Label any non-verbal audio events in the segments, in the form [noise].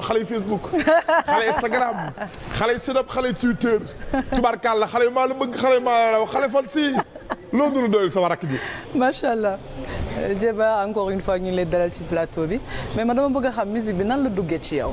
xale yi Facebook xale Instagram xale Snap xale Twitter tubaarkàlla xale maa la bëgg xale maa la raw xale fan si loo dul doyal sama rakk ji. macha allah Dieba encore une fois ñu ngi lay dalal ci plateau bi mais ma dama bëgg a xam musique bi nan la duggee ci yow.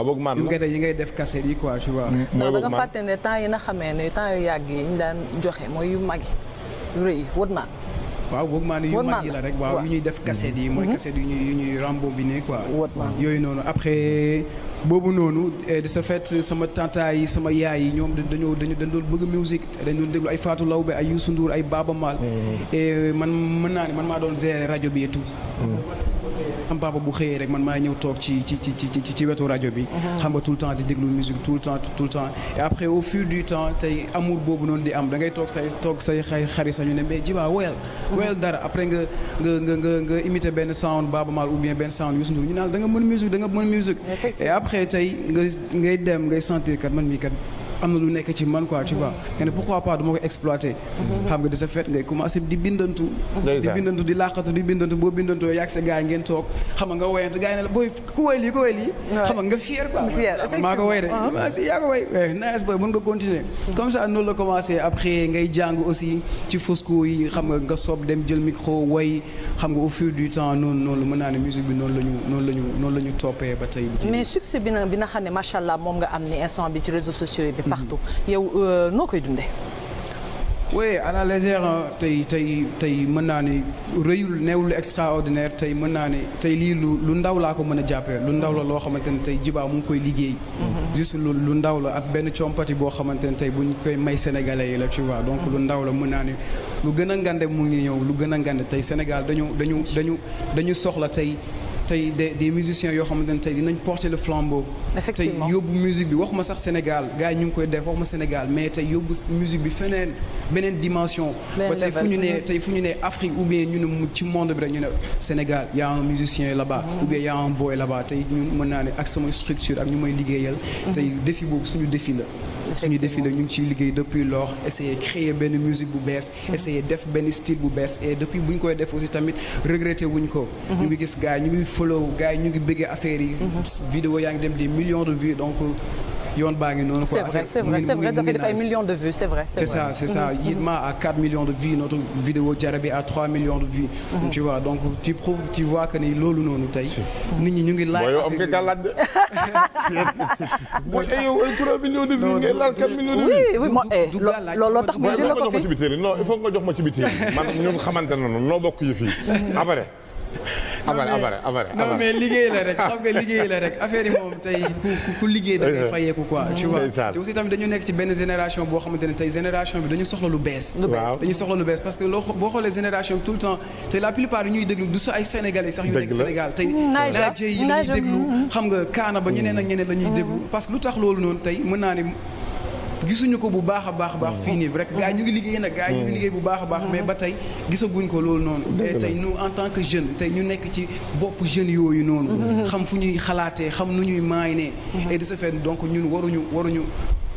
waaw boog man yi ngay def kaset yi quoi tu vois. mooy boog man da nga fàtte ne temps yi na xamee ne temps yu yàgg yi ñu daan joxe mooy yu mag yi rëy wët maan. waaw boog maan yu mag yi la rek waaw yu ñuy def kaset yi. mooy kaset mhm. yu ñuy yu ñuy rembobiné quoi. yooyu noonu après. boobu noonu eh, de sa fet sama tata yi sama yaay yi ñoom dañoo dañu dañ doon bëgg musique dañ doon déglu ay Fatou Lawbe ay Youssou Ndour ay Baba Maal. Mhm. et euh, man mën naa ne man maa doon gérer rajo bi et tout. Mhm. sam papa bu xëyee rek man maa ñëw toog ci ci ci ci ci wetu rajo bi. Mhm. xam nga tout le temps di déglu musique tout le temps tout le temps et après au fur du temps tey amour boobu noonu di am da ngay toog say toog say xarit sax ne mais Djiba woyal. Mhm. woyal dara après nga nga nga nga benn sound Baaba Maal ou bien benn sound Youssou Ndour ñu naan da nga mën musique da nga mën musique. et après tey nga ngay dem ngay sentir kat man mii kat. am na lu nekk ci man quoi tu vois nga ne pourquoi pas du ma ko exploiter mhm. xam nga de ce fait ngay commencé di bindantu di bindantu di bindantu boo bindantoo yàgg sa gars yi ngeen toog xam nga la booy ku woy de maa si yaa ko woy eh, nice boy mën nga mhm. ngay jàng aussi ci fosco yi xam nga nga soob dem jël micro woy xam nga au fil du temps noonu noonu mën naa ne musique bi noonu la ñu la ñu la ñu toppee ba tey mais succès bi na bi nga xam ne macha moom nga am ni instant bi ci réseaux sociaux yi partout yow euh, noo koy dunde oui à la légère euh, tey tey tey mën naa ne rëyul neewul extraordinaire tey mën naa ne tey lii lu lu ndaw laa ko mën a jàppee lu ndaw la loo xamante ne tey jibaa mu ngi koy liggéey mhm. juste lu ndaw la ak benn compati boo xamante ne tey bu ñu koy may sénégalais yi la tu donc lu mhm. ndaw la mën naa ne lu gën a ngande mu ngi ñëw lu gën a ngande tey Sénégal dañu dañu dañu dañu soxla tey tey des des yoo xam ne tey dinañ porter le flambeau. effectivement tey yóbbu musique bi waxuma sax Sénégal gars yi ñu ngi koy def waxuma Sénégal mais tey yóbbu musique bi feneen beneen dimension. ba tey fu ñu ne tey fu ñu nee Afrique ou bien ñu ne mu ci monde bi rek ñu ne Sénégal y' a un musicien là-bas. Mm-hmm. ou bien y' a un boy là-bas tey ñun mën naa ne ak sama structure ak ñu may liggéeyal. Mm-hmm. tey défi boobu suñu défi la. suñu défi la ñu ngi ciy liggéey depuis lors essayer créer benn musique bu bees. Mm-hmm. essayer def benn style bu bees depuis bu ñu koy def aussi tamit regretter wuñ ko. follow gars yi ñu ngi bëggee affaire yi. vidéo yaa ngi dem des millions de vues donc yoon baa ngi noonu. quoi affaire c'est vrai c'est de vues c'est vrai. c'est ça c'est ça Yitma à 4 de vues notre vidéo Jarabi à 3 de vues. tu vois donc que ni loolu noonu tey. nit ñi ñu ngi laaj. mooy mooy yow millions de vues ngay laal 4 millions de vues. oui oui mooy looloo tax ñu dina ko fi non il faut nga jox ma ci bitéeri man ñun xamante nañu noo bokk yi fii abal abal abal non mais liggéey la rek xam nga liggéey la rek affaire moom tey ku liggéey da fayeeku quoi tu vois tamit dañu nekk ci benn génération boo xamante ne tey génération génération tout le temps te la plupart yi ñuy déglu du sa ay sénégalais sax yu nekk Sénégal tey mm, naaje yi mm. xam nga kaana ba ñeneen ak ñeneen la ñuy mm. déglu parce que lu tax loolu noonu tey mën naa gisuñu ko bu baax a baax a baax fii nii vrai gars ñu ngi liggéey nag gars ñu ngi liggéey bu baax a baax mais ba tey gisaguñ ko loolu noonu te tey nous en tant que jeune tey ñu nekk ci bopp jeune yooyu noonu mm-hmm. xam fu ñuy xalaatee xam nu ñuy maay ne mm-hmm. et de ce fait donc ñun waruñu waruñu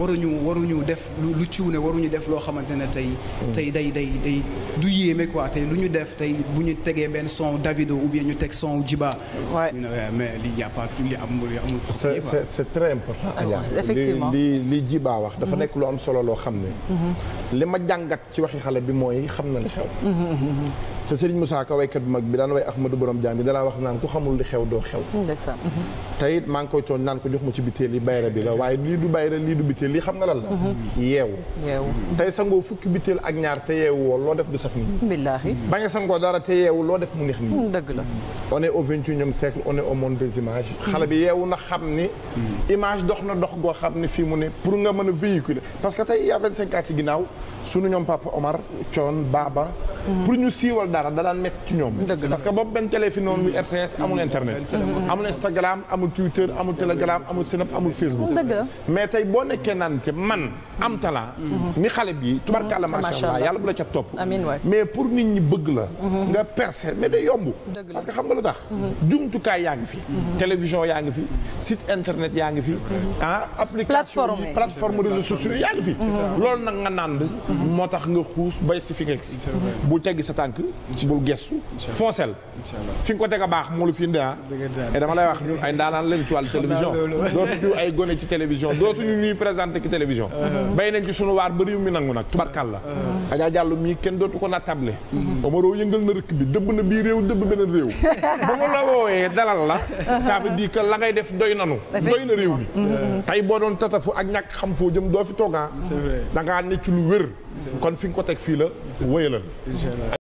waruñu waruñu def lu ciw ne waruñu def loo xamante ne tey tey day day day du yéeme quoi tey lu ñu def tey bu ñu tegee benn son Davido ou bien ñu teg son Djiba mais li y a li amul amul c'est très important ah, effectivement li li Djiba wax dafa mhm. nekk lu am solo loo xam ne mhm. li ma jàngat ci waxi xale bi mooy xam na li xew mhm, te Serigne Moussa Ka bu mag bi daan way Ahmadou borom jaam bi danaa wax naan ku xamul li xew doo xew mhm. te it maa ngi koy tooñ naan ko jox ma ci biteel yi bayra bi la waaye lii du bayra lii du biteel lii xam nga lan la mhm. yeewu tey sangoo fukki biteel ak ñaar te yeewu woo loo def du saf nit billaahi ba sangoo dara te yeewu loo def mu neex nii dëgg la on est au vingt-et-unième siècle on est au monde des images xale bi yeewu na xam ni mhm. image dox na dox goo xam ne fii mu ne pour nga mën a véhiculer parce que tey il y a vingt ginnaaw sunu ñoom Papa Omar Thione Mm. pour ñu siiwal dara da daan métti ci ñoom. parce que boobu benn télé fi noonu muy RTS amul mm. internet. amul Instagram amul Twitter amul Telegram amul Snap amul Facebook. mais tey boo nekkee naan te man am talent. Mm-hmm. ni xale bi tubarkalla mm-hmm. macha allah yàlla bu la ca topp. mais pour nit ñi bëgg la. Mm-hmm. nga percer mais day yomb. parce que xam nga lu tax. jumtukaay yaa ngi fi. télévision yaa ngi fi site internet yaa ngi fi. ah application yi plateforme réseaux sociaux yaa ngi fi. loolu nag nga naan moo tax nga xuus bay si fi nga bul teggi sa tànk bul gestu foncel fi nga ko teg a baax moo lu fi indi ah et eh, dama lay wax ñun ay ndaanaan lañu ci wàllu télévision [laughs] dootuñu ay gone ci télévision dootuñu ñuy présenté ci télévision [laughs] uh-huh. bay nañ ci sunu waar ba réew mi nangu nag tubarkal la uh-huh. Adja Diallo mii kenn dootu ko nattable uh-huh. Omaro yëngal na rëkk bi dëbb na bii réew dëbb beneen réew [laughs] bu mu la woowee dalal la ça veut dire que la ngay def doy nanu doy na réew mi tey boo doon tatafu ak ñàkk xam foo jëm doo fi toogaa ah. dangaa ne ci lu kon fi nga ko teg fii la wéyalal